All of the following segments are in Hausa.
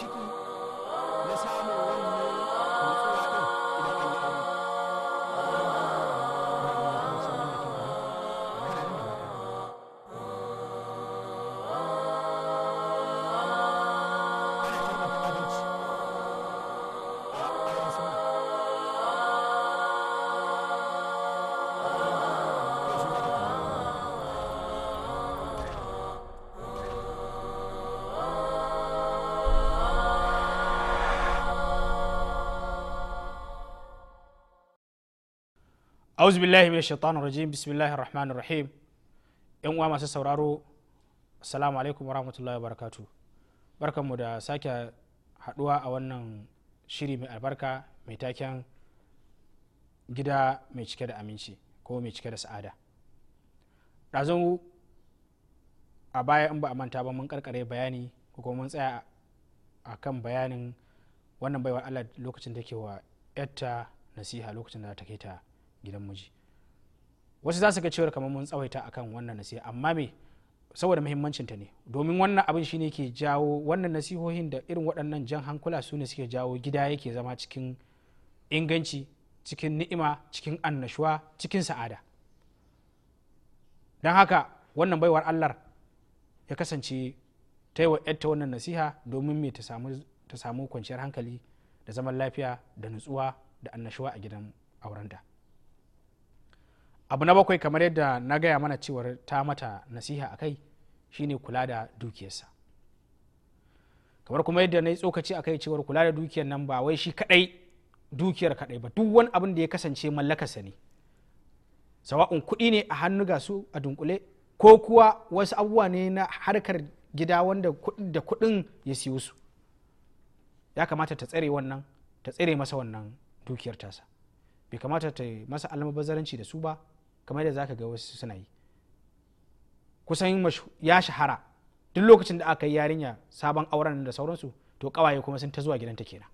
마시고 auzu billahi minash shaitan rajim bismillahir rahmanir rahim yan uwa masu sauraro assalamu alaikum wa barakatu barkanmu da sake haduwa a wannan shiri mai albarka mai taken gida mai cike da aminci ko mai cike da sa'ada ɗazun a baya in ba a manta ba mun karkare bayani ko kuma mun tsaya a kan bayanin wannan baiwa allah lokacin da ke wa yatta nasiha lokacin da ta kai ta gidan miji wasu za su ga cewar kamar mun tsawaita akan wannan nasiha amma me saboda muhimmancin ta ne domin wannan abin shine ke jawo wannan nasihohin da irin waɗannan jan hankula su ne suke jawo gida yake zama cikin inganci cikin ni'ima cikin annashuwa cikin sa'ada don haka wannan baiwar allah ya kasance ta yi wa ta wannan nasiha domin me ta samu kwanciyar hankali da zaman lafiya da nutsuwa da annashuwa a gidan aurenta abu na bakwai kamar yadda na gaya mana cewar ta mata nasiha a kai shine kula da dukiyarsa kamar kuma yadda na yi tsokaci a kai cewar kula da dukiyar nan ba wai shi kadai dukiyar kadai ba duk wani abin da ya kasance mallakarsa ne sawa'un kuɗi ne a hannu ga su a dunkule ko kuwa wasu abubuwa ne na harkar gida wanda da kuɗin ya siyo su ya kamata ta tsare wannan ta tsare masa wannan dukiyar tasa bai kamata ta yi masa almabazaranci da su ba kamar da zaka ga wasu suna yi kusan ya shahara duk lokacin da aka yi yarinya sabon auren da sauransu to kawaye kuma sun ta zuwa gidan gidanta kenan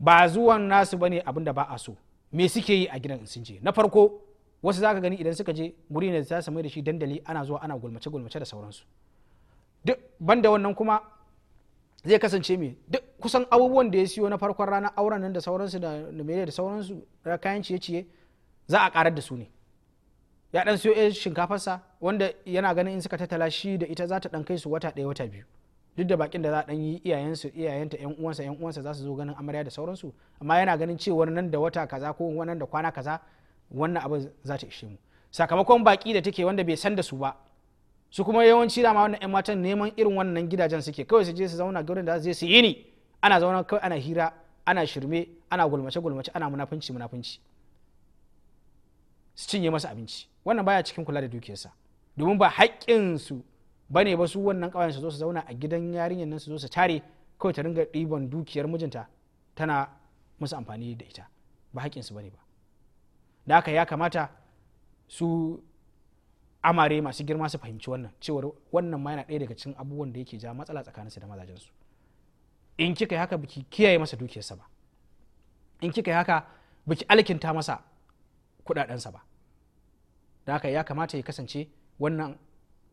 ba zuwan nasu bane abin da ba a so me suke yi a gidan sun je na farko wasu zaka gani idan suka je guri ne za su mai da shi dandali ana zuwa ana gulmace gulmace da sauransu duk banda wannan kuma zai kasance me duk kusan abubuwan da ya siyo na farkon ranar auren nan da sauransu da da sauransu kayan ciye-ciye za a karar da su ne ya dan siyo yan shinkafarsa wanda yana ganin in suka tattala shi da ita za ta dan kai su wata ɗaya wata biyu duk da bakin da za a dan yi iyayensu iyayenta yan uwansa yan uwansa za su zo ganin amarya da sauransu amma yana ganin cewa nan da wata kaza ko wannan da kwana kaza wannan abin za ta ishe mu sakamakon baki da take wanda bai san da su ba su kuma yawanci dama wannan yan matan neman irin wannan gidajen suke kawai su je su zauna gurin da zai su yi ni ana zauna kawai ana hira ana shirme ana gulmace gulmace ana munafunci munafunci su cinye masa abinci wannan baya cikin kula da dukiyarsa domin ba haƙƙin su bane ba su wannan ƙawayen su zo su zauna a gidan yarinyar nan su zo su tare kawai ta ringa ɗiban dukiyar mijinta tana musu amfani da ita ba haƙƙin su bane ba da haka ya kamata su amare masu girma su fahimci wannan cewar wannan ma yana ɗaya daga cikin abubuwan da yake ja matsala tsakaninsu da mazajensu in kika yi haka biki kiyaye masa dukiyarsa ba in kika yi haka biki alkinta masa kudadensa ba da haka ya kamata ya kasance wannan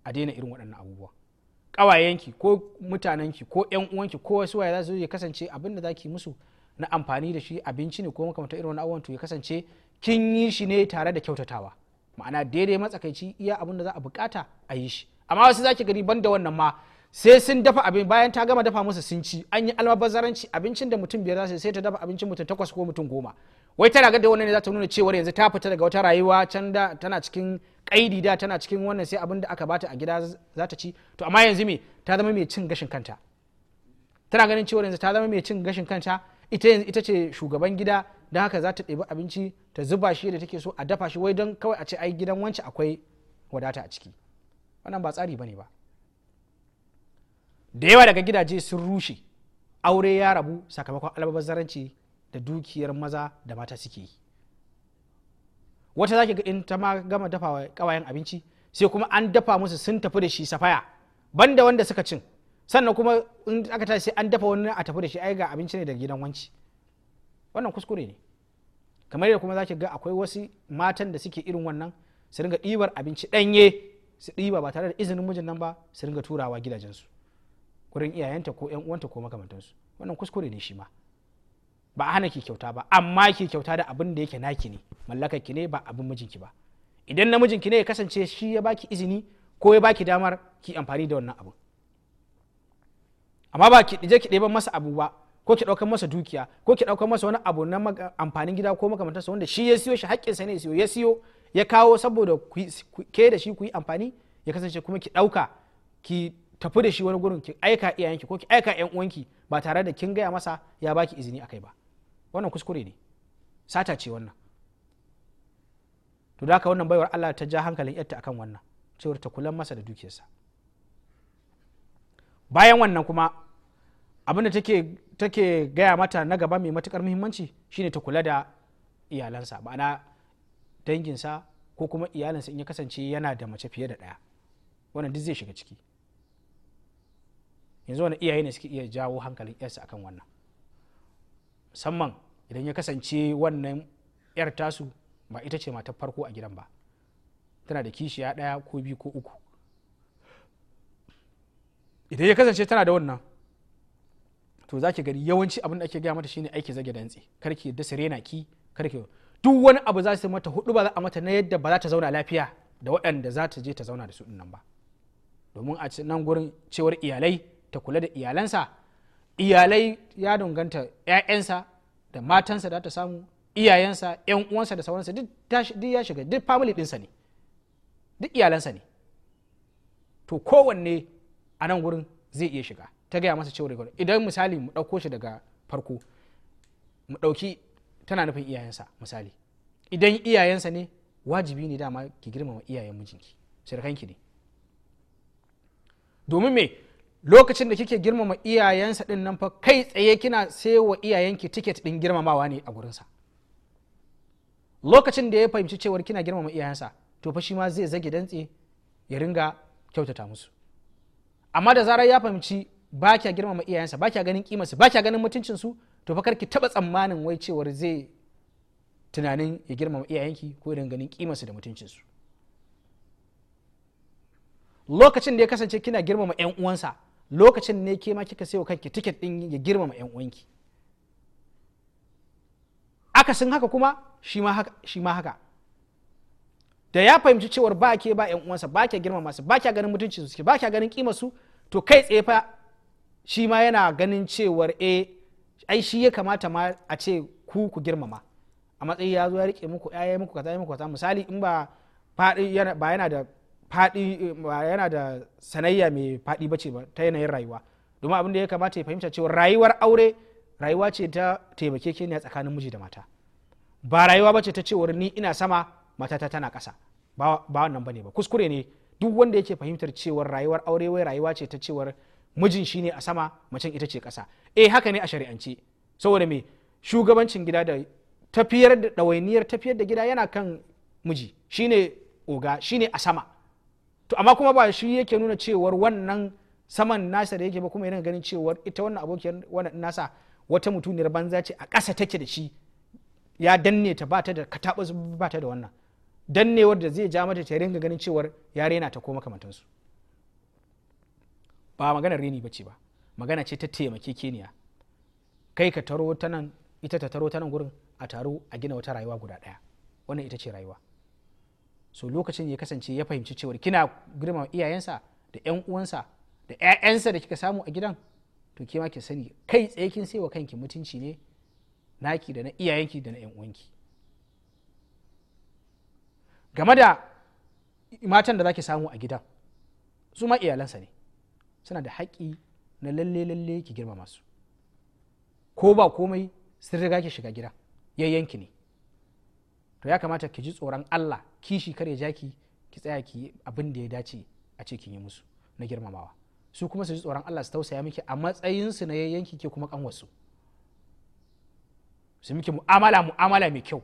a daina irin waɗannan abubuwa ƙawayenki ko mutanenki ko yan uwanki ko wasu waya za su ya kasance abin da za ki musu na amfani da shi abinci ne ko makamantar irin wani abubuwan ya kasance kin yi shi ne tare da kyautatawa ma'ana daidai matsakaici iya abin da za a bukata a yi shi amma wasu zaki gani ban wannan ma sai sun dafa abin bayan ta gama dafa musu sun ci an yi almabazaranci abincin da mutum biyar za su sai ta dafa abincin mutum takwas ko mutum goma wai tana ga da wannan ne za ta nuna cewar yanzu ta fita daga wata rayuwa can da tana cikin kaidi da tana cikin wannan sai abin da aka bata a gida za ta ci to amma yanzu me ta zama mai cin gashin kanta tana ganin cewar yanzu ta zama mai cin gashin kanta ita yanzu ita ce shugaban gida don haka za ta ɗebi abinci ta zuba shi da take so a dafa shi wai don kawai a ce ai gidan wance akwai wadata a ciki wannan ba tsari bane ba da yawa daga gidaje sun rushe aure ya rabu sakamakon albabazaranci da dukiyar maza da mata suke yi wata zaki ga in ta ma gama dafa kawayen abinci sai kuma an dafa musu sun tafi da shi safaya banda wanda suka cin sannan kuma in aka tashi sai an dafa wani a tafi da shi ai ga abinci ne da gidan wanci wannan kuskure ne kamar yadda kuma zaki ga akwai wasu matan da suke irin wannan su ringa ɗibar abinci ɗanye su ɗiba ba tare da izinin mijin nan ba su ringa turawa gidajensu gurin iyayenta ko 'yan uwanta ko makamantansu wannan kuskure ne shi ma ba a hana ki kyauta ba amma ki kyauta da abin da yake naki ne mallakar ki ne ba abin mijinki ba idan namijinki ne ya kasance shi ya baki izini ko ya baki damar ki amfani da wannan abin amma ba ki je ki ɗeban masa abu ba ko ki ɗaukar masa dukiya ko ki ɗaukar masa wani abu na amfanin gida ko makamantarsa wanda shi ya siyo shi sa ne ya siyo ya siyo ya kawo saboda ke da shi ku yi amfani ya kasance kuma ki ɗauka ki tafi da shi wani gurin ki aika iyayenki ko ki aika yan uwanki ba tare da kin gaya masa ya baki izini akai ba wannan kuskure ne sata ce wannan to da haka wannan baiwar Allah ta ja hankalin yarta akan wannan cewar ta kulan masa da dukiyarsa bayan wannan kuma abinda take take gaya mata na gaba mai matukar muhimmanci shine ta kula da iyalansa ma'ana danginsa ko kuma iyalinsa in ya kasance yana da mace fiye da ɗaya wannan duk zai shiga ciki yanzu wani iyaye ne suke iya jawo hankalin yarsa akan wannan musamman idan ya kasance wannan 'yar tasu ba ita ce matar farko a gidan ba tana da kishiya ɗaya ko biyu ko uku idan ya kasance tana da wannan to zaki ki gani yawanci abin da ake gaya mata shine aiki zage dantse karki ki dasa rena ki karki duk wani abu za su mata hudu ba za a mata na yadda ba za ta zauna lafiya da waɗanda za ta je ta zauna da su nan ba domin a nan gurin cewar iyalai ta kula da iyalansa iyalai ya danganta 'ya'yansa da matansa da ta samu iyayensa 'yan uwansa da sauransa duk ya shiga duk family ɗinsa ne duk iyalansa ne to kowanne a nan wurin zai iya shiga ta gaya masa cewar cewa idan misali mu ɗauko shi daga farko mu ɗauki tana nufin iyayensa misali idan iyayensa ne wajibi ne dama ki girmama iyayen mijinki sirkanki ne domin me lokacin da kike girmama iyayensa din nan fa kai tsaye kina wa iyayenki tiket din girmamawa ne a gurinsa lokacin da ya fahimci cewar kina girmama iyayensa to fa shi ma zai zage dantse ya ringa kyautata musu amma da zarar ya fahimci ba kya girmama iyayensa ba kya ganin kimarsu ba kya ganin mutuncinsu to fa kar ki taba tsammanin wai cewar zai tunanin ya girmama iyayenki ko irin ganin kimarsu da mutuncinsu lokacin da ya kasance kina girmama 'yan uwansa lokacin ne ke ma kika sayo kanki tiket din ya girmama yan uwanki akasin haka kuma shi ma haka da ya fahimci cewar ba ke ba yan uwansa ba ke girmama su ba ke ganin mutunci su ba ke ganin kima su to kai tsaye fa shi ma yana ganin cewar A eh, ai shi ya kamata ma a ce ku ku girmama a matsayi ya zo ya rike muku ya muku kaza muku kaza misali in ba ba yana da faɗi ba yana da sanayya mai faɗi bace ba ta yanayin rayuwa domin abin da ya kamata ya fahimta cewa rayuwar aure rayuwa ce ta taimakekeniya tsakanin miji da mata ba rayuwa bace ta cewar ni ina sama matata tana kasa ba wannan bane ba kuskure ne duk wanda yake fahimtar cewar rayuwar aure wai rayuwa ce ta cewar mijin shine a sama macen ita ce kasa eh haka ne a shari'ance saboda me shugabancin gida da tafiyar da ɗawainiyar tafiyar da gida yana kan miji shine oga shine a sama to amma kuma ba shi yake nuna cewar wannan saman nasa da yake ba kuma yana ganin cewar ita wannan abokiyar wannan nasa wata mutuniyar banza ce a ƙasa take da shi ya danne ta ba ta da katabu ba ta da wannan dannewar da zai ja mata ta ringa ganin cewar ya rena ta ko makamantansu ba maganar reni ba ce ba magana ce ta taimake keniya kai ka taro ta nan ita ta taro ta nan gurin a taro a gina wata rayuwa guda ɗaya wannan ita ce rayuwa so lokacin ya kasance ya fahimci cewar kina girma iyayensa da yan uwansa da ƴaƴansa da kika samu a gidan to ke ma ki sani kai tsaye kin sai wa kanki mutunci ne naki da na iyayenki da na yan uwanki game da matan da za ki samu a gidan su ma iyalansa ne suna da haƙƙi na lalle lalle ki girma masu, ko ba komai sun riga ki shiga gida yayyanki ne to ya kamata ki ji tsoron Allah kishi kar ya jaki ki tsaya ki abin da ya dace a ce kin yi musu na girmamawa su kuma su ji tsoron Allah su tausaya miki a matsayin su na yayyanki ke kuma kanwarsu su miki mu'amala mu'amala mai kyau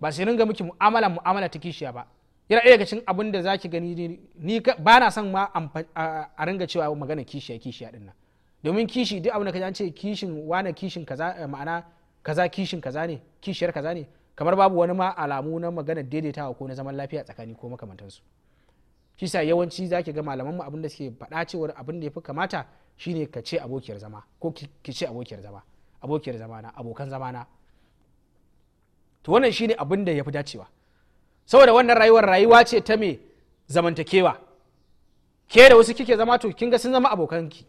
ba su ringa miki mu'amala mu'amala ta kishiya ba yana ɗaya daga cikin abin da zaki gani ni ba na son ma a ringa cewa magana kishiya kishiya din domin kishi duk abin da kaji an ce kishin wane kishin kaza eh, ma'ana kaza kishin kaza ne kishiyar kaza ne kamar babu wani ma alamu na magana daidaitawa ko na zaman lafiya tsakani ko makamantansu shi sa yawanci zaki ga malaman mu abin da suke faɗa cewa abin da ya fi kamata shine ka ce abokiyar zama ko ki ce abokiyar zama abokiyar zama abokan zama to wannan shine abin da ya fi dacewa saboda wannan rayuwar rayuwa ce ta me zamantakewa ke da wasu kike zama to kin sun zama abokanki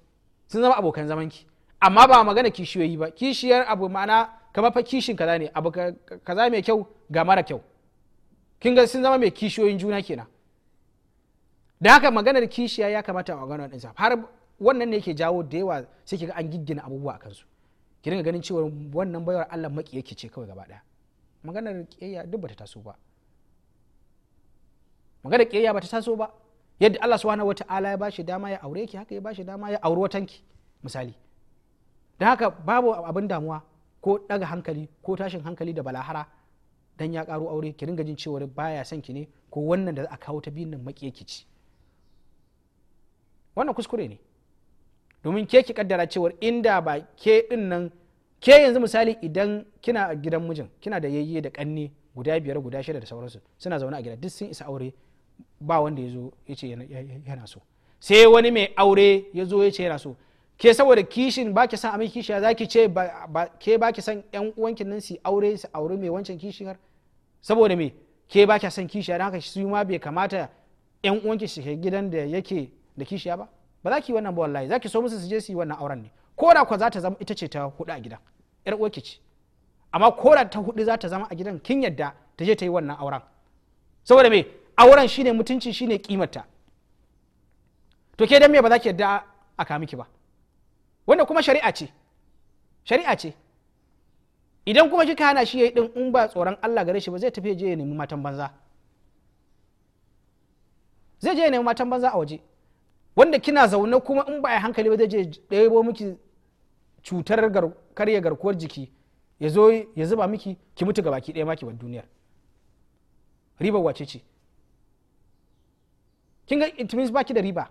sun zama abokan zamanki amma ba magana kishiyoyi ba kishiyar abu ma'ana kamar fa kishin kaza ne abu kaza mai kyau ga mara kyau kin ga sun zama mai kishiyoyin juna kenan da haka maganar kishiya ya kamata a maganar ɗinsa har wannan ne yake jawo da yawa sai ga an giggina abubuwa a kansu ki dinga ganin cewa wannan baiwar Allah maki yake ce kawai gaba daya maganar kiyayya duk bata taso ba maganar kiyayya bata taso ba yadda Allah subhanahu wataala ya bashi dama ya aure ki haka ya bashi dama ya auri watanki misali da haka babu abin damuwa ko daga hankali ko tashin hankali da balahara dan ya karo aure ki ringa jin cewa baya son ki ne ko wannan da aka a kawo ta biyun nan ki ci wannan kuskure ne domin ke ki kaddara cewar inda ba ke din nan ke yanzu misali idan kina a gidan mijin kina da yayye da kanne guda biyar guda shida da sauransu suna zaune a gida duk sun isa aure ba wanda ya zo ya ce yana so sai wani mai aure ya zo ya ce yana so ke saboda kishin ba ki san a mai kishiya za ki ce ke ba ki san yan uwanki nan su aure su aure mai wancan kishiyar saboda me ke ba ki san kishiya don haka su ma bai kamata yan uwanki su gidan da yake da kishiya ba ba za ki wannan ba wallahi za ki so musu su je su yi wannan auren ne ko da kwa za ta zama ita ce ta hudu a gidan yar uwarki ce amma ko da ta hudu za ta zama a gidan kin yadda ta je ta yi wannan auren saboda me auren shine mutunci shine kimarta to ke dan me ba za ki yadda a kamiki ba wanda kuma shari'a ce shari'a ce idan kuma kika hana shi yayi din in ba tsoron Allah gare shi ba zai tafi je ya nemi matan banza zai je ya nemi matan banza a waje wanda kina zaune kuma in ba a hankali ba zai je ɗebo miki cutar karya garkuwar jiki ya zo ya zuba miki ki mutu ga baki ɗaya maki bar duniyar ribar wace ce kin ga it baki da riba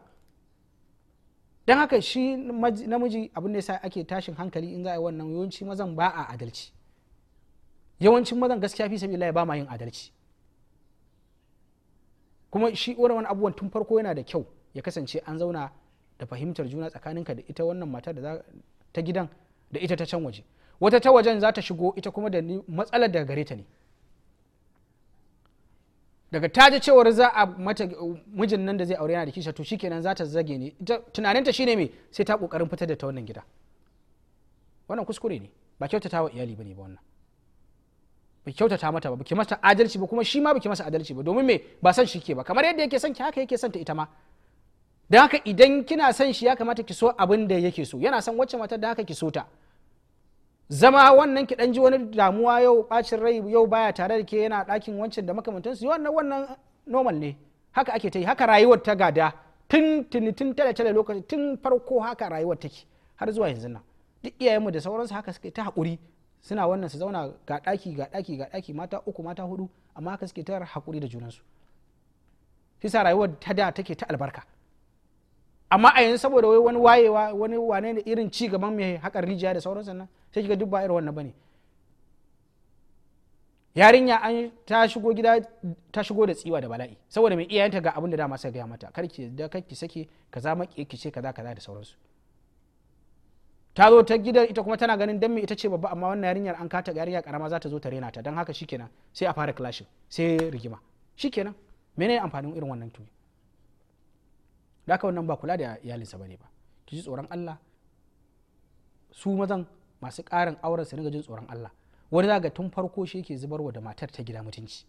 don haka shi namiji abin da yasa ake tashin hankali in za a yi wannan yawanci mazan ba a adalci yawancin mazan gaskiya fi sabi ba ma yin adalci kuma shi ora wani abubuwan tun farko yana da kyau ya kasance an zauna da fahimtar juna tsakaninka da ita wannan mata da ta gidan da ita ta can waje wata ta wajen za ta shigo ita kuma da matsalar daga gare ta ne daga ta ji cewar za a mata mijin nan da zai aure yana da kisha to shikenan za ta zage ne tunaninta shine me sai ta kokarin fitar da ta wannan gida wannan kuskure ne ba kyautata wa iyali bane ba wannan ba kyautata mata ba baki masa adalci ba kuma shi ma baki masa adalci ba domin me ba san shi ke ba kamar yadda yake son ki haka yake son ta ita ma da haka idan kina son shi ya kamata ki so abin da yake so yana son wacce mata da haka ki so ta zama wannan ki ji wani damuwa yau bacin rai yau baya tare da ke yana dakin wancan da makamantansu wannan wannan normal ne haka ake ta yi haka rayuwar ta gada tun tuni tun tare tare lokaci tun farko haka rayuwar take har zuwa yanzu nan duk iyayenmu da sauransu haka suke ta hakuri suna wannan su zauna ga ɗaki ga ɗaki ga ɗaki mata uku mata hudu amma haka suke ta hakuri da junansu shi sa rayuwar ta da take ta albarka amma a yanzu saboda wai wani wayewa wani wane ne irin ci gaban mai haƙar rijiya da sauransu nan sai kiga duk ba irin wannan bane yarinya an ta shigo gida ta shigo da tsiwa da bala'i saboda mai iyayenta ga abin da dama sai gaya mata kar ki da kar ki sake kaza maki ki ce kaza kaza da sauransu ta zo ta gidan ita kuma tana ganin dan me ita ce babba amma wannan yarinyar an kata yarinya karama za ta zo ta rena ta dan haka shikenan sai a fara clashing sai rigima shikenan menene amfanin irin wannan tuni da aka wannan ba kula da iyalinsa bane ba ki ji tsoron Allah su mazan masu ƙarin auren su jin tsoron Allah wani za ga tun farko shi yake wa da matar ta gida mutunci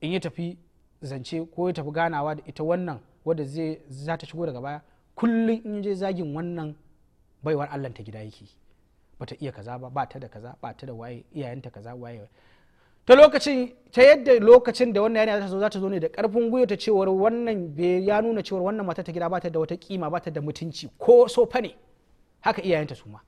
in ya tafi zance ko ya tafi ganawa da ita wannan wadda zai za ta shigo daga baya kullum in je zagin wannan baiwar Allah ta gida yake bata iya kaza ba ba ta da kaza ba ta da waye iyayenta kaza waye ta lokacin ta yadda lokacin da wannan yanayi za ta zo ne da karfin gwiwa ta cewar wannan ya nuna cewar wannan mata ta gida ba ta da wata kima ba ta da mutunci ko sofa ne haka iyayenta su ma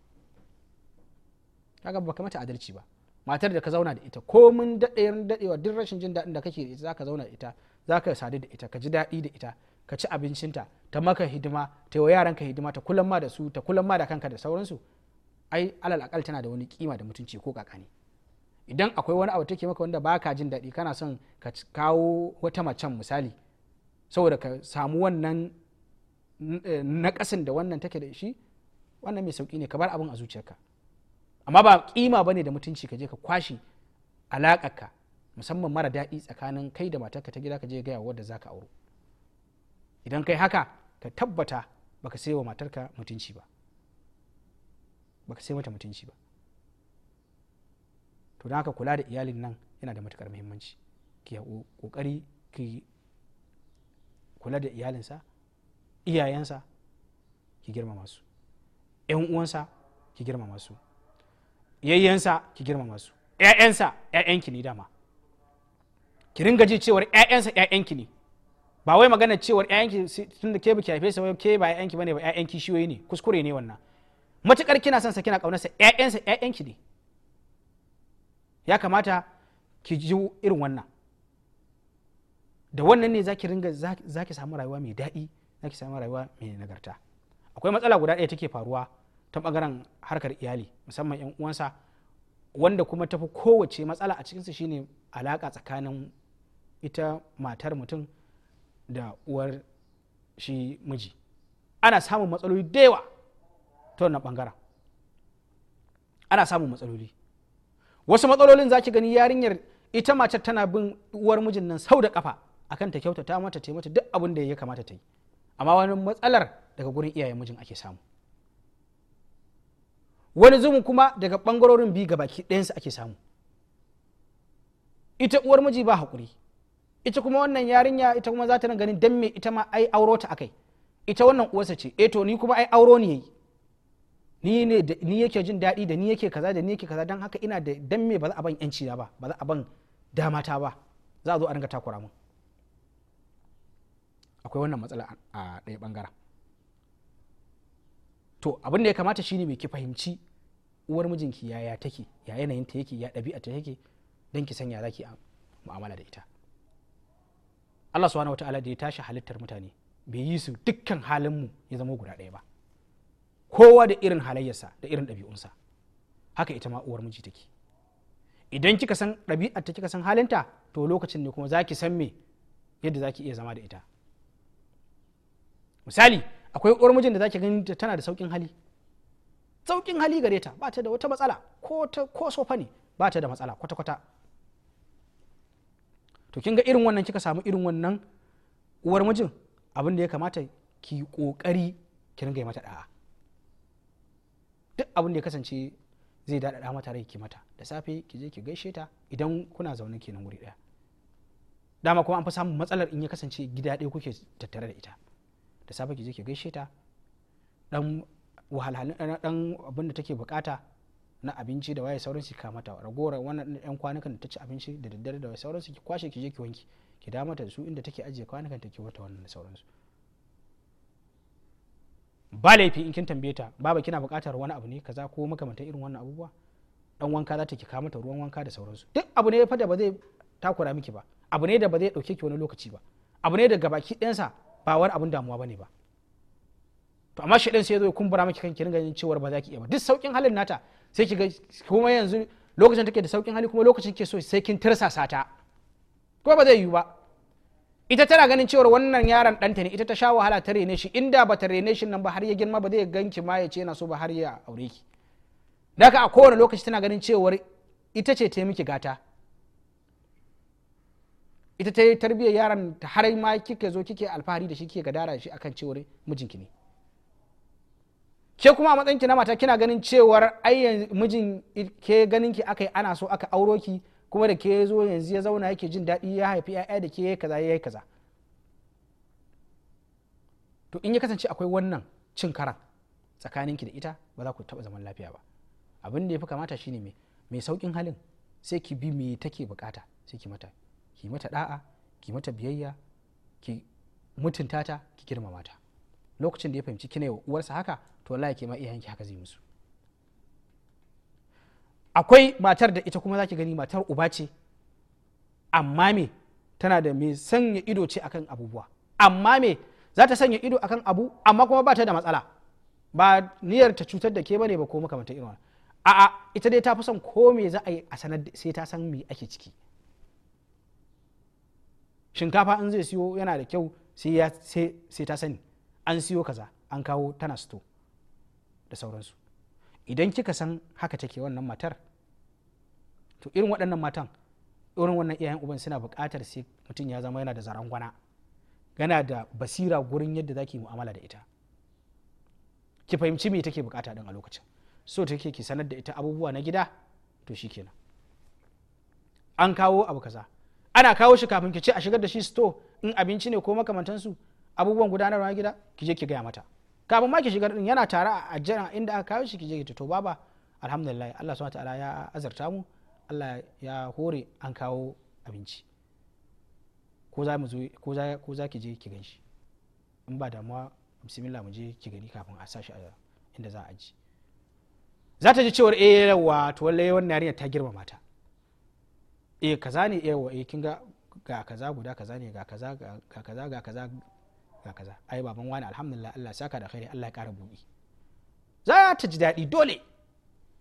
kaga baka mata adalci ba matar da ka zauna da ita ko mun daɗewa duk rashin jin daɗin da kake da ita zaka zauna da ita zaka sadu da ita ka ji daɗi da ita ka ci abincinta ta maka hidima ta yi wa yaranka hidima ta kullum ma da su ta kullum ma da kanka da sauransu ai alal akal tana da wani kima da mutunci ko kakani idan akwai wani abu take maka wanda baka jin daɗi kana son ka kawo wata macen misali saboda ka samu wannan eh, naƙasin da wannan take da shi wannan mai sauki ne ka bar abin a zuciyarka amma ba kima ne da mutunci ka je ka kwashi alaƙarka musamman mara daɗi tsakanin kai da matarka ta gida ka je gaya wadda za ka auro idan kai haka ka tabbata baka sai wa matarka mutunci ba baka sai mata mutunci ba to don haka kula da iyalin nan yana da matukar muhimmanci ki kokari ki kula da iyalinsa iyayensa ki girmama su yan uwansa ki girmama su yayyensa ki girmama su ƴaƴansa ƴaƴanki ne dama ki ringa ji cewar ƴaƴansa ƴaƴanki ne ba wai magana cewar ƴaƴanki da ke biki haife sa ke ba ƴaƴanki bane ba ƴaƴanki shiyoyi ne kuskure ne wannan matukar kina son sa kina kaunarsa ƴaƴansa ƴaƴanki ne ya kamata ki ji irin wannan da wannan ne zaki ringa zaki samu rayuwa mai daɗi zaki samu rayuwa mai nagarta akwai matsala guda ɗaya take faruwa ta bangaren harkar iyali musamman yan uwansa wanda kuma tafi kowace matsala a cikinsu shine alaka tsakanin ita matar mutum da uwar shi miji ana samun matsaloli da yawa ta wannan ɓangaren ana samun matsaloli wasu matsalolin zaki gani yarinyar ita mace tana bin uwar mijin nan sau da kafa akan ta kyautata mata ta mata duk abin da ya kamata ta yi amma wani matsalar daga gurin iyayen mijin ake samu wani zumu kuma daga bangarorin biyu ga baki ɗayansu ake samu ita uwar miji ba haƙuri ita kuma wannan yarinya ita kuma za ta ganin dan me ita ma ai aurota ta akai ita wannan uwarsa ce eh to ni kuma ai auro ne yayi ni ne da ni yake jin daɗi da ni yake kaza da ni yake kaza don haka ina da dan me ba za a ban yanci ba ba za a ban dama ta ba za a zo a ringa takura mun akwai wannan matsala a ɗaya bangara to abin da ya kamata shine mai ki fahimci uwar mijinki yaya take ya yanayin ta yake ya ɗabi'a ta yake don ki sanya zaki mu'amala da ita Allah subhanahu ta'ala da ya tashi halittar mutane bai yi su dukkan halin mu ya zama guda ɗaya ba kowa da irin halayyarsa da irin ɗabi'unsa haka ita ma uwar miji take idan kika san ɗabi'ar ta kika san halinta to lokacin ne kuma zaki san me yadda zaki iya zama da ita misali akwai uwar mijin da zaki gani tana da saukin hali saukin hali gare ta ba ta da wata matsala ko ta ko sofa ne ba ta da matsala kwata kwata to kin ga irin wannan kika samu irin wannan uwar mijin abin da ya kamata ki kokari ki ringa mata da'a duk abin da ya kasance zai daɗaɗa mata rai ki mata da safe ki je ki gaishe ta idan kuna zaune kenan wuri daya dama kuma an fi samun matsalar in ya kasance gida ɗaya kuke tattare da ita da safe ki je ki gaishe ta dan wahalhalun dan abin da take bukata na abinci da waye sauran su kama ta ragowar wannan ɗan kwanukan da ta ci abinci da daddare da sauran su ki kwashe ki je ki wanki ki da mata da su inda take ajiye kwanukan take wata wannan da sauran su ba laifi in kin tambaye ta baba kina bukatar wani abu ne kaza ko makamantan irin wannan abubuwa dan wanka za ta ki ta ruwan wanka da sauransu duk abu ne fa da ba zai takura miki ba abu ne da ba zai dauke ki wani lokaci ba abu ne da gabaki ɗansa ba wani abun damuwa bane ba to amma shi sai ya zo ya kumbura miki kanki ringa yin cewar ba za ki iya ba duk saukin halin nata sai ki ga kuma yanzu lokacin take da saukin hali kuma lokacin ke so sai kin tirsasa ta ko ba zai yiwu ba ita tana ganin cewar wannan yaron ɗanta ne ita ta sha wahala ta rene shi inda ba ta rene shi nan ba har ya girma ba zai ganki ma ya ce yana so ba har ya aure ki daga a kowane lokaci tana ganin cewar ita ce ta miki gata ita ta yi tarbiyyar yaron ta har ma kika zo kike alfahari da shi kike gadara shi akan cewar mijinki ne ke kuma a matsayin ki na mata kina ganin cewar ai mijin ke ganin ki aka ana so aka auro ki kuma da ke zo yanzu ya zauna yake jin daɗi ya haifi ya'ya da ke kaza ya yi kaza to in ya kasance akwai wannan cin karan tsakaninki da ita ba za ku taɓa zaman lafiya ba abin da ya fi kamata shine mai mai sauƙin halin sai ki bi me take bukata sai ki mata ki mata da'a ki mata biyayya ki mutuntata ki girmama ta lokacin da ya fahimci kina yi wa uwarsa haka to wallahi ke ma iyayenki haka zai musu akwai matar da ita kuma zaki gani matar uba ce amma me tana da mai sanya ido ce akan abubuwa amma me za ta sanya ido akan abu amma kuma ba ta da matsala ba niyyar ta cutar da ke bane ba ko makamantar irin a'a ita dai ta fi son ko me za a yi a sanar sai ta san me ake ciki shinkafa in zai siyo yana da kyau sai ta sani an siyo kaza an kawo tana sito da sauransu idan kika san haka take wannan matar to irin waɗannan matan irin wannan iyayen uban suna buƙatar sai mutum ya zama yana da zarangwana yana da basira gurin yadda zaki mu'amala da ita ki fahimci me take buƙata din a lokacin so take ki sanar da ita abubuwa na gida to shikenan an kawo abu kaza ana kawo shi kafin ki ci a shigar da shi sto in abinci ne ko makamantansu abubuwan gudanarwa gida ki je ki gaya mata kafin ma ki shigar din yana tare a ajiyar inda aka kawo shi ki je ki to baba alhamdulillah Allah subhanahu ta'ala ya azarta mu Allah ya hore an kawo abinci ko za mu ko za ko za ki je ki ganshi in ba damuwa bismillah mu je ki gani kafin a sashi a inda za a aji za ta ji cewar eh yawa to wallahi wannan yarinya ta girma mata eh kaza ne eh wa eh kinga ga ga kaza guda kaza ne ga kaza ga kaza ga kaza ga kaza ai baban wani alhamdulillah Allah saka da khairi Allah ya kara buɗi za ta ji daɗi dole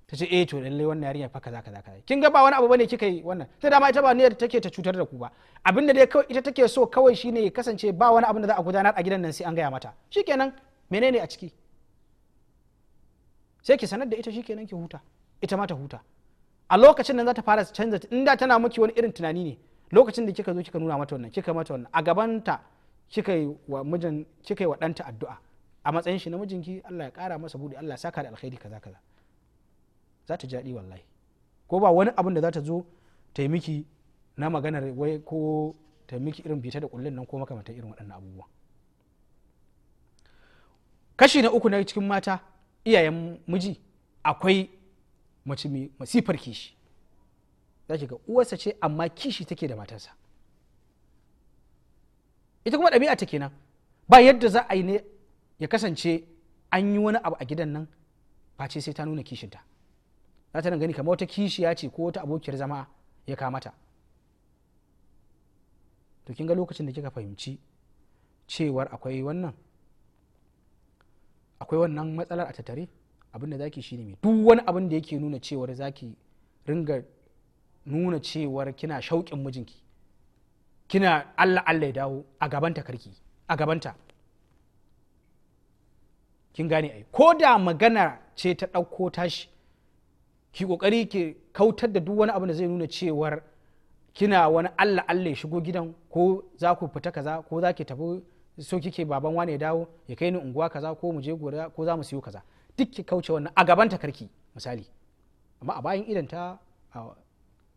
ta ce eh to lalle wannan yarinya fa kaza kaza kaza kin ga ba wani abu bane kika yi wannan ta dama ita ba ne da take ta cutar da ku ba abin da dai kawai ita take so kawai shine ya kasance ba wani abin da za a gudanar a gidan nan sai an gaya mata shikenan menene a ciki sai ki sanar da ita shikenan ki huta ita ma ta huta a lokacin nan za ta fara canza inda tana miki wani irin tunani ne lokacin da kika zo kika nuna mata wannan kika mata wannan a gabanta kika yi wa mijin kika ɗanta addu'a a matsayin shi na mijinki Allah ya ƙara masa buɗe Allah ya saka da alkhairi kaza kaza za ta jaɗi wallahi ko ba wani abin da za ta zo ta yi miki na maganar wai ko ta yi miki irin bita da kullun nan ko makamantar irin waɗannan abubuwa kashi na uku na cikin mata iyayen miji akwai mace masifar kishi za ga uwarsa ce amma kishi take da matarsa ita kuma ɗabi'a ta kenan ba yadda za a yi ne ya kasance an yi wani abu a gidan nan face sai ta nuna kishinta za ta nan gani kamar wata kishiya ce ko wata abokiyar zama ya kamata to kin ga lokacin da kika fahimci cewar akwai wannan akwai wannan matsalar a tattare abin da zaki shine mai duk wani abin da yake nuna cewar zaki ringa nuna cewar kina shauƙin mijinki kina allah allah ya dawo a ta karki a gabanta kin gane ai ko da magana ce ta ɗauko tashi ki ƙoƙari ki kautar da duk wani abu da zai nuna cewar kina wani allah allah ya shigo gidan ko za ku fita kaza ko za ki tafi so kike baban wani ya dawo ya kai ni unguwa kaza ko mu je gora ko za mu siyo kaza duk ki kauce wannan a gaban takarki misali amma a bayan idan ta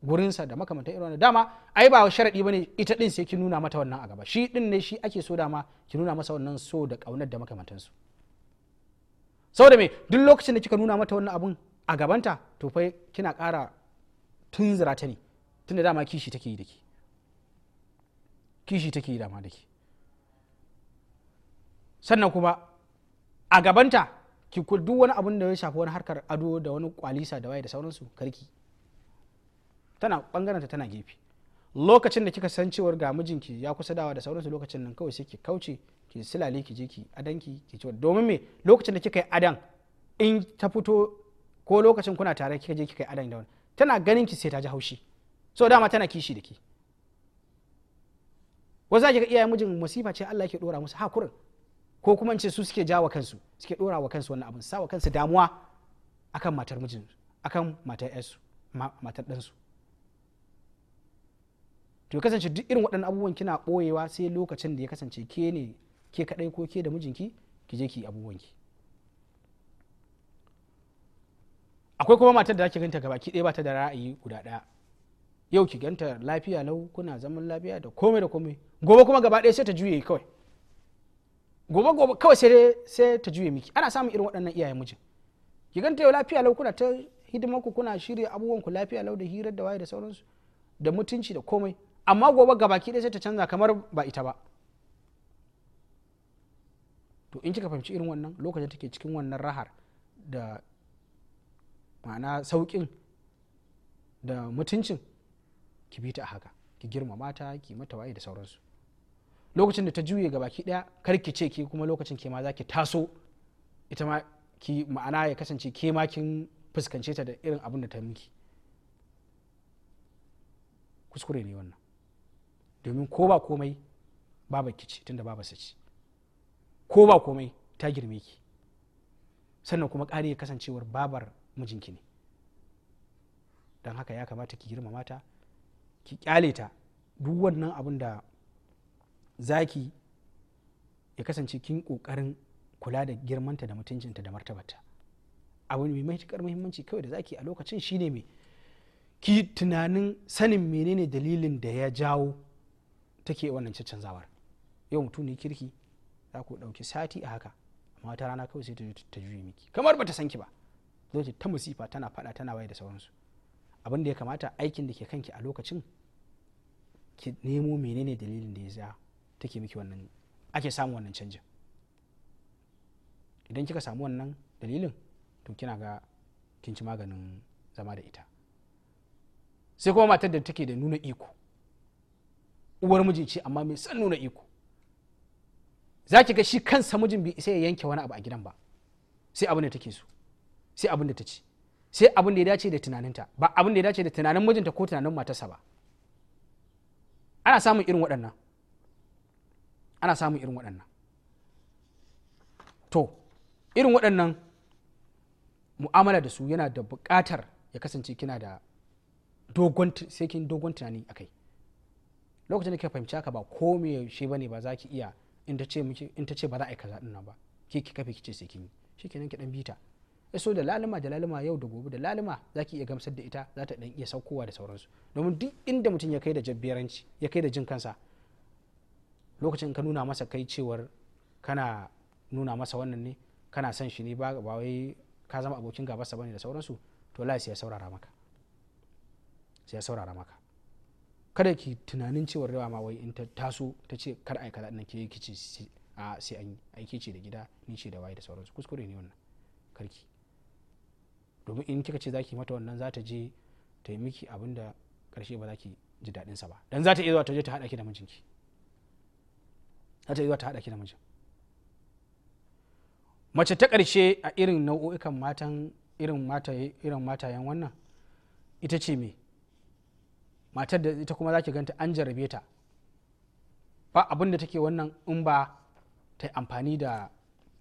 gurinsa da makamanta irin wannan dama ai ba sharadi bane ita din sai ki nuna mata wannan a gaba shi din ne shi ake so dama ki nuna masa wannan so da kaunar da makamantansu saboda me duk lokacin da kika nuna mata wannan abun a gabanta to fa kina ƙara tunzura ta ne tunda dama kishi take yi da kishi take yi dama da sannan kuma a gabanta ki duk wani abun da ya shafi wani harkar ado da wani kwalisa da waye da sauransu karki tana bangaren ta tana gefe lokacin da kika san cewar ga mijinki ya kusa dawa da sauransu lokacin nan kawai sai ki kauce ki silale ki je ki adanki ki ci domin me lokacin da kika yi adan in ta fito ko lokacin kuna tare kika je kika yi adan da wani tana ganin ki sai ta ji haushi so dama tana kishi da ki wasu ake iyayen mijin masifa ce Allah yake dora musu hakurin ko kuma in ce su suke jawa kansu suke dora wa kansu wannan abin sawa kansu damuwa akan matar mijin akan matar yarsu matar ɗansu to kasance duk irin waɗannan abubuwan kina ɓoyewa sai lokacin da ya kasance ke ne ke kaɗai ko ke da mijinki ki je ki abubuwan ki akwai kuma matar da ake ganta gaba ki ɗaya ba ta da ra'ayi guda ɗaya yau ki ganta lafiya lau kuna zaman lafiya da komai da komai gobe kuma gaba ɗaya sai ta juye kawai gobe gobe kawai sai sai ta juye miki ana samun irin waɗannan iyayen mijin ki ganta yau lafiya lau kuna ta hidimanku kuna shirya abubuwan ku lafiya lau da hirar da waye da sauransu da mutunci da komai amma gobe gabaki ɗaya sai ta canza kamar ba ita ba to in kika fahimci irin wannan lokacin take cikin wannan rahar da ma'ana sauƙin da mutuncin ki bi ta a haka ki girma mata ki mata waye da sauransu lokacin da ta juye gabaki daya kar ki ce ki kuma lokacin ke ma za ki taso ita ma ki ma'ana ya kasance ke ma kin fuskance ta da irin abin da ta miki kuskure ne wannan domin ko ba komai baba ki ce tunda baba su ci ko ba komai ta girme ki sannan kuma ƙari ya kasancewar babar mijinki ne don haka ya kamata ki girmamata mata ki kyale ta duk wannan abin da zaki ya kasance kin kokarin kula da girmanta da mutuncinta da martabata abu mai matuƙar muhimmanci kawai da zaki a lokacin shine mai ki tunanin sanin menene dalilin da ya jawo take wannan caccanzawar yau mutum ne kirki za ku ɗauki sati a haka amma wata rana kawai sai ta juye miki kamar bata san ki ba zai ta musifa tana faɗa tana waye da sauransu abin da ya kamata aikin da ke kanki a lokacin ki nemo menene dalilin da ya za take miki wannan ake samu wannan canjin idan kika samu wannan dalilin to kina ga kin ci maganin zama da ita sai kuma matar da take da nuna iko uwar mijin ce amma mai san nuna iko za ki ga shi kansa mijin bai isa ya yanke wani abu a gidan ba sai abin da take so sai abin da ta ci sai abin da ya dace da tunaninta ba abin da ya dace da tunanin mijinta ko tunanin matarsa ba ana samun irin waɗannan ana samun irin waɗannan to irin waɗannan mu'amala da su yana da buƙatar ya kasance kina da dogon sai kin dogon tunani akai lokacin da kika fahimci haka ba ko me yaushe bane ba za ki iya in ta ce ba za a yi kaza dinnan ba ki ki kafe kice sai kin yi shikenan ki dan bita ya eh, so da lalima da lalima yau da gobe da lalima za ki iya gamsar da ita za ta dan iya saukowa da sauransu domin duk inda mutum ya kai da jabberanci ya kai da jin kansa lokacin ka nuna masa kai cewar kana nuna masa wannan ne kana son shi ne ba wai ka zama abokin gaba sa bane da sauransu to lai sai ya saurara maka sai ya saurara maka kada ki tunanin cewar rawa ma wai in ta taso ta ce kar ai kaza nan ke kici a sai an aiki ce da gida ni ce da waye da sauransu kuskure ne wannan karki domin in kika ce zaki mata wannan za ta je ta yi miki abin da karshe ba za ki ji daɗin sa ba dan za ta iya zuwa ta je ta haɗa ki da mijinki za ta iya zuwa ta haɗa ki da mijin mace ta ƙarshe a irin nau'o'ikan matan irin matayen wannan ita ce me matar da ita kuma za ki ganta an jarabe ta ba abin da take wannan in ba ta amfani da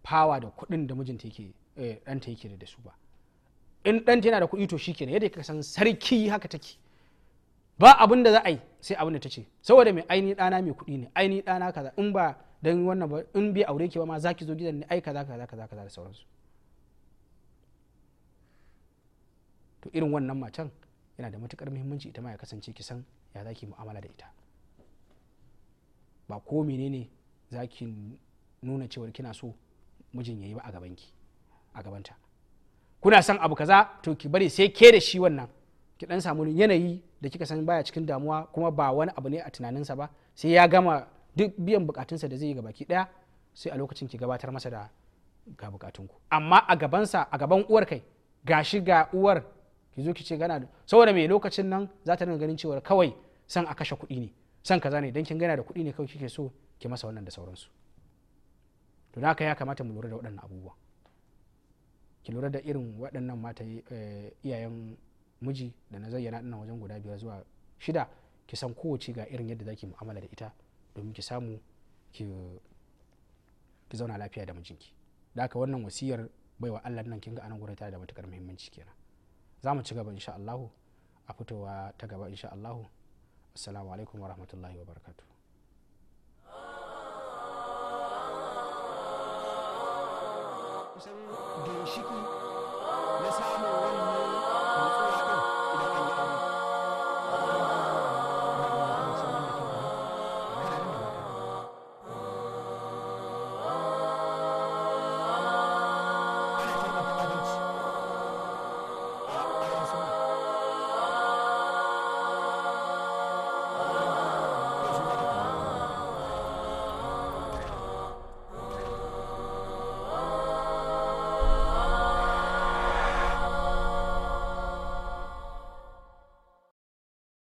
fawa da kuɗin da mijinta yake eh, ɗanta yake da su ba in ɗanta yana da kuɗi to kenan yadda ka san sarki haka take ba abin da za a yi sai abin da ta ce saboda mai aini ɗana mai kuɗi ne aini ɗana kaza in ba dan wannan ba in bai aure ki ba ma zaki zo gidan ne ai kaza kaza kaza kaza da sauransu to irin wannan macen yana da matukar muhimmanci ita ma ya kasance ki san ya za ki mu'amala da ita ba ko menene za ki nuna cewar kina so mijin ya yi ba a gabanki a gabanta kuna son abu kaza to ki bari sai ke da shi wannan ki dan samu yanayi da kika san baya cikin damuwa kuma ba wani abu ne a tunaninsa ba sai ya gama duk biyan bukatunsa da zai yi gabaki daya sai a lokacin ki gabatar masa da ga bukatunku amma a gabansa a gaban uwar kai gashi ga uwar ki zo ki ce gana da saboda me lokacin nan za ta dinga ganin cewa kawai san a kashe kuɗi ne san kaza ne dan kin gana da kuɗi ne kawai kike so ki masa wannan da sauransu to da haka ya kamata mu lura da waɗannan abubuwa ki lura da irin waɗannan mata eh, iyayen miji da na zayyana ɗin wajen guda biyar zuwa shida ki san kowace ga irin yadda zaki mu'amala da ita domin ki samu ki zauna lafiya da mijinki da haka wannan wasiyar baiwa allah nan kin anan gurata da matukar muhimmanci kenan za mu ci gaba insha Allahu a fitowa ta gaba insha Allahu assalamu alaikum wa rahmatullahi wa barakatuh ginshiki na